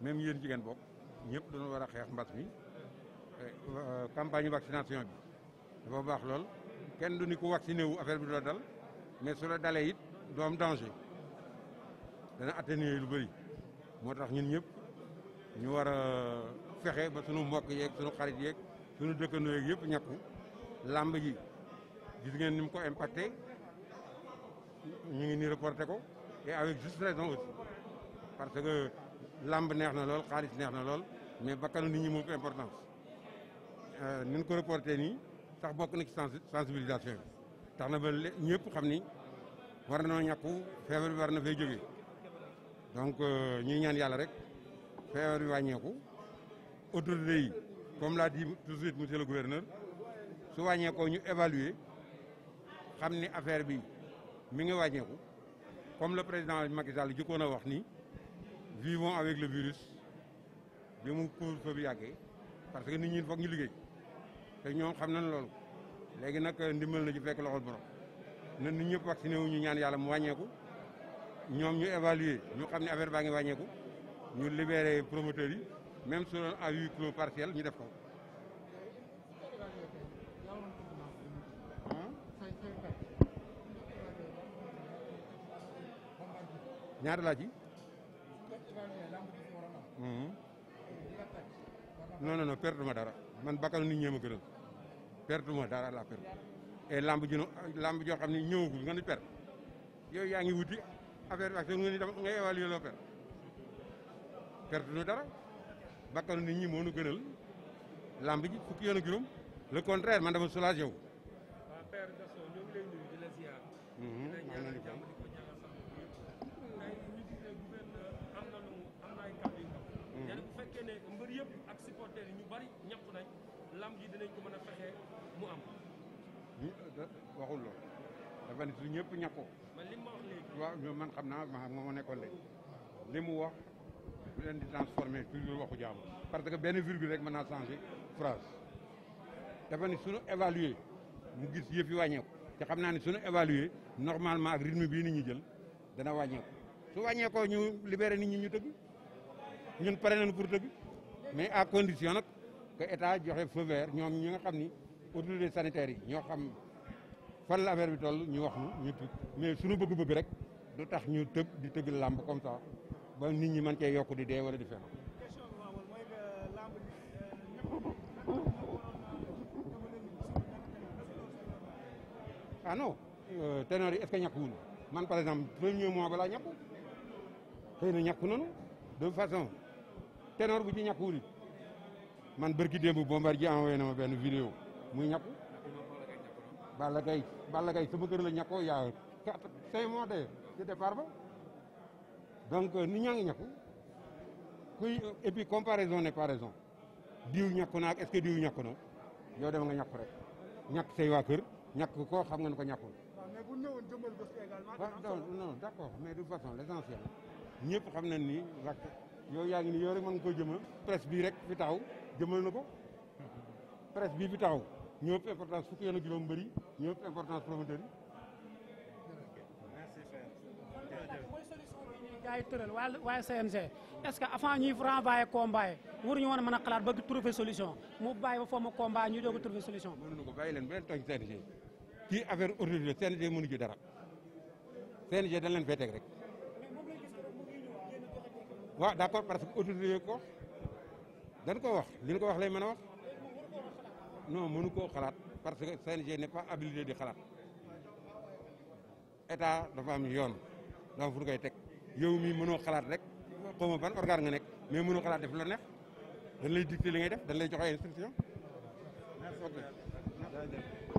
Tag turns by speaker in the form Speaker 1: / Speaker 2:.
Speaker 1: même yéen jigéen bokk ñëpp dañoo war a xeex mbas mi euh, campagne vaccination bi dafa baax lool kenn du ni ko vacciné wu affaire bi du la dal mais su la dalee it du danger dana atténuer lu bëri moo tax ñun ñëpp ñu war a fexe ba sunu mbokk yeeg sunu xarit yeeg sunu dëkkandoo yeeg yëpp ñàkku làmb ji gis ngeen ni mu ko impacté ñu ngi nii reporté ko et avec juste raison aussi làmb neex na lool xaalis neex na lool mais bakkanu ni ñi moo importance euh, ni ñu ko reporté nii sax bokk na ci sensibilisation bi tax na ba ñëpp xam ni war na ñàkku feebar bi war na fay jógee donc euh, ñuy ñaan yàlla rek feebar bi wàññeeku autorité yi comme l'a di tout de suite monsieur le su wàññeekoo ñu évaluer xam ni affaire bi mi ngi wàññeeku comme le président Macky Sall jëkkoon a wax ni vivons avec le virus bi mu couvre-feu bi yàggee parce que nit ñi foog ñu liggéey te ñoom xam nañ loolu léegi nag euh, ndimbal na ci fekk loxol borom na nit ñëpp vacciné wu ñu ñaan yàlla mu wàññeeku ñoom ñu évaluer ñu xam ne affaire baa ngi wàññeeku ñu libéré promoteurs yi même su doon à huis clos ñu def ko. ñaata laa ci. non non non ma dara man bakkanu nit ñee ma gënal per ma dara la perte et lamb ji lamb joo xam ne ñëwagul nga ni perte yooyu yaa ngi wuti affaire bi ak nga ni ngay nu dara bakkanu nit ñi moo nu gënal lamb ji fukki yoon ak juróom le contraire man dama soulagé wu dinañ ko euh, dafa ne su ñëpp ñàkkoo. man li man xam naa ma moo nekkoon le li mu wax. bu leen di transformé toujours waxu jàmm. parce que benn virgule rek mën naa changé phrase. dafa ne suñu évaluer mu gis yëf yi wàññeeku. te xam naa ne suñu évaluer normalement ak rythme bii ni ñi jël dana wàññeeku. su wàññeekoo ñu libéré nit ñu tëgg ñun pare nañu pour tëgg mais à condition nag. que état joxe feu vert ñoom ñi nga xam ni autorités sanitaires yi ñoo xam fan la affaire bi toll ñu wax ñu ñu mais sunu bëgg-bëgg rek du tax ñu tëb di tëgg làmb comme ça ba nit ñi mën cee yokku di dee wala di fen ah non euh, ténor yi est-ce man par exemple premier mois ba laa ñàkku xëy na ñàkku nanu de façon ténor bu ci ñàkkuwul man bërki démb Bombardier envoyé na ma benn vidéo muy ñàkk Balla Gaye Balla Gaye sama kër la ñàkkoo yaa quatre cinq mois départ ba donc euh, ni ñaa ngi ñàkk kuy euh, et puis comparaison n'est pas diw ñàkk na est-ce que diw ñàkk na yow dem nga ñàkk rek ñàkk say kër ñàkk ko xam nga ne ko ñàkkul. waaw mais bu ñu ñëwoon jëmbal bés également. Ah, non d'accord mais ñëpp xam na ni wax yow yaa ngi ni yow rek mën koo jëma presse bii rek fi taxaw. jëmal na ko presse bii fi taxaw ñoo ëpp importance fukki yoon ak juróom mbëri ñoo ëpp importance promoteur waaye tëral est-ce que avant ñuy renvoyer combat yi waruñu woon a mën a xalaat bëgg trouver solution mu bàyyi ba foo mu combat ñu doog a trouver solution. mënuñu ko bàyyi leen bu leen tooñ CNG kii affaire ordinaire CNG mënu ci dara CNG dañ leen fay teg rek waaw d'accord parce que ordinaire ko. dañ ko wax li ko wax lay mën a wax non mënu koo xalaat parce que CNG n'est pas habilité di xalaat état dafa am yoon dafa fu koy teg yow mi mënoo xalaat rek xaw ma ban organe nga nekk mais mënoo xalaat def la neex dañ lay dicté li ngay def dañ lay jox ay instruction merci